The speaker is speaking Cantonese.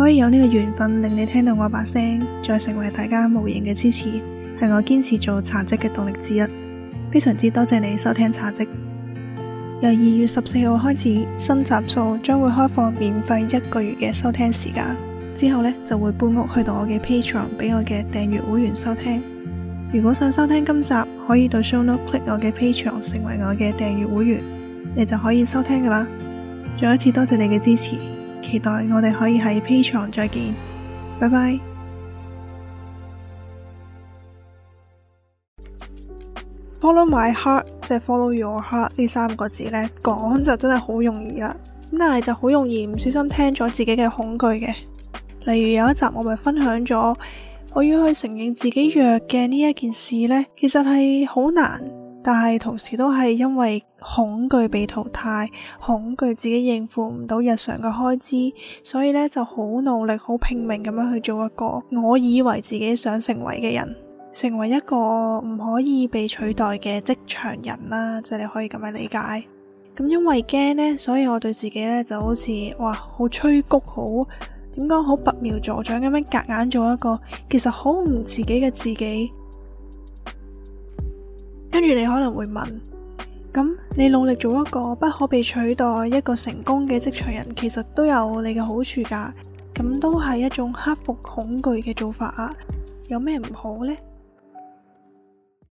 可以有呢個緣分令你聽到我把聲，再成為大家無形嘅支持，係我堅持做茶職嘅動力之一。非常之多謝你收聽茶職。由二月十四號開始，新集數將會開放免費一個月嘅收聽時間，之後呢，就會搬屋去到我嘅 Patreon 俾我嘅訂閱會員收聽。如果想收聽今集，可以到 show note click 我嘅 Patreon 成為我嘅訂閱會員，你就可以收聽噶啦。再一次多謝你嘅支持。期待我哋可以喺 Patreon 再見，拜拜。Follow my heart，即係 Follow your heart 呢三個字呢，講就真係好容易啦。咁但係就好容易唔小心聽咗自己嘅恐懼嘅。例如有一集我咪分享咗，我要去承認自己弱嘅呢一件事呢，其實係好難。但係同時都係因為恐懼被淘汰，恐懼自己應付唔到日常嘅開支，所以咧就好努力、好拼命咁樣去做一個我以為自己想成為嘅人，成為一個唔可以被取代嘅職場人啦，即係你可以咁樣理解。咁因為驚呢，所以我對自己呢就好似哇好吹谷好，點講好拔苗助長咁樣，夾硬做一個其實好唔自己嘅自己。跟住你可能會問，咁你努力做一個不可被取代、一個成功嘅職場人，其實都有你嘅好處㗎，咁都係一種克服恐懼嘅做法啊，有咩唔好呢？